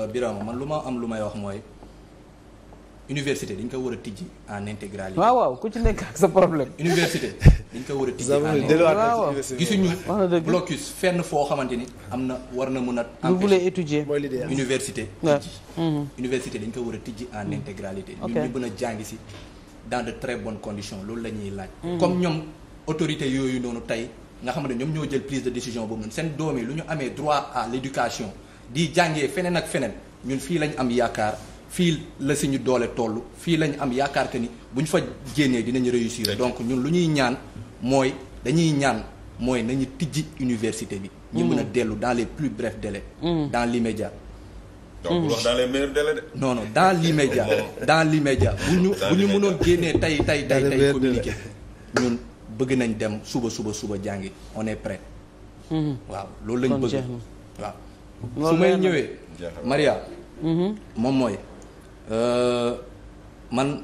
Euh, Birama man lu ma am lu may wax mooy université dañ ko war a tijji en intégralité. waaw waaw ku ci nekk sa problème. université dañ ko war a tijji en intégralité gisuñu blocus fenn foo xamante ni am na war na mën a. vous voulez étudier mooy l'idéal université. tijji mhm. université dañ ko war a tijji en mhm. intégralité. ok ñu mën a jàngi si dans de très bonnes conditions loolu la ñuy laaj. Mhm. comme ñoom autorité yooyu noonu tey nga xam ne ñoom ñoo jël prise de décision boobu noonu seen doom yi lu ñu amee droit à l'éducation. di jàngee feneen ak feneen ñun fii lañu am yaakaar fii la suñu doole toll fii lañ am yaakaar que ni bu ñu fa génnee dinañu réussir donc ñun lu ñuy ñaan mooy dañuy ñaan mooy nañu tijji université bi ñu mën a mm. dellu dans les plus brefs délais mm. dans l'immédiat donc wax mm. dans les meilleurs délais de. non non dans l'immédiat dans bu ñu bu mënoon génnee tey tey tey tey communiqué ñun bëgg nañ dem suba suba suba jàngi on est prêt waaw loolu lañ bëgg su may ñëwee. Maria. Mhm. moom mooy euh, man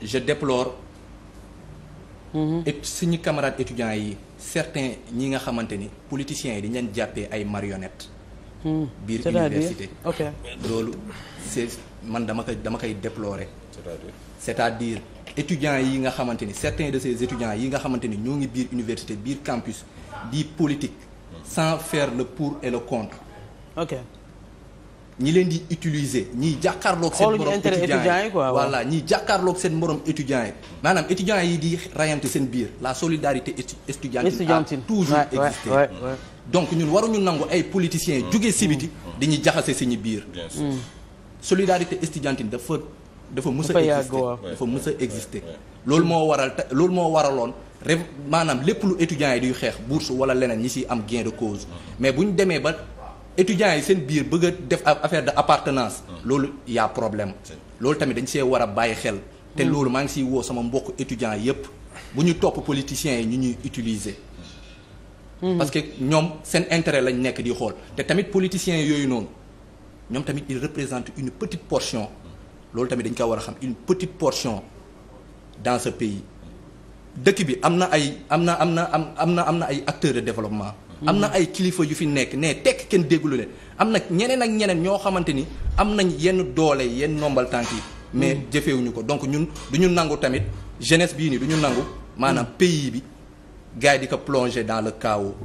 je déplore. Mhm. et suñu camarades étudiants yi certains ñi nga xamante ni politiciens yi dañ leen jàppee ay marionnettes. Mhm. biir université ok loolu c'est man dama koy dama koy déplorer. c'est-à-dire étudiants yi nga xamante ni certains de ces étudiants yi nga xamante ni ñoo ngi biir université biir campus di politique sans fair le pour et le contre. ok ñi leen di utiliser ñiy jàkkaarloog seen morom étudiants yi voilà ñiy jàkkaarloog seen morom étudiants yi maanaam étudiants yi di rayante seen biir la solidarité estudiantine a toujours existé donc ñun waruñu nangu ay politiciens mm. jógee si biti mm. mm. dañuy jaxase suñu biir solidarité estudiantine dafa dafa mës a existé dafa mës a existé loolu moo waral te loolu moo waraloon ref maanaam lépp lu étudiants yi duy xeex bourse wala leneen ñi si am gain de cause mais buñ demee ba étudiants yi seen biir bëgg a def affaire de appartenance ah. loolu yaa problème loolu tamit dañ see war a bàyyi xel te hmm. loolu maa ngi siy woo sama mboqu étudiants yépp bu ñu topp politiciens yi ñu ñuy utiliser hmm. parce que ñoom seen intérêt lañ nekk di xool te tamit politiciens yooyu noonu ñoom tamit il représente une petite portion loolu tamit dañ ko war a xam une petite portion dans ce pays dëkk bi am na ay am na am na am am na am na ay acteurs de développement am na ay kilifa yu fi nekk ne tekk kenn déggulu leen am nag ñeneen ak ñeneen ñoo xamante ni am nañ yenn doole yenn nombal tànk yi mais mm. jëfeewuñu ko donc ñun du ñu nangu tamit jeunesse bii nii du ñu nangu maanaam mm. pays bi gars yi di ko plonger dans le chaos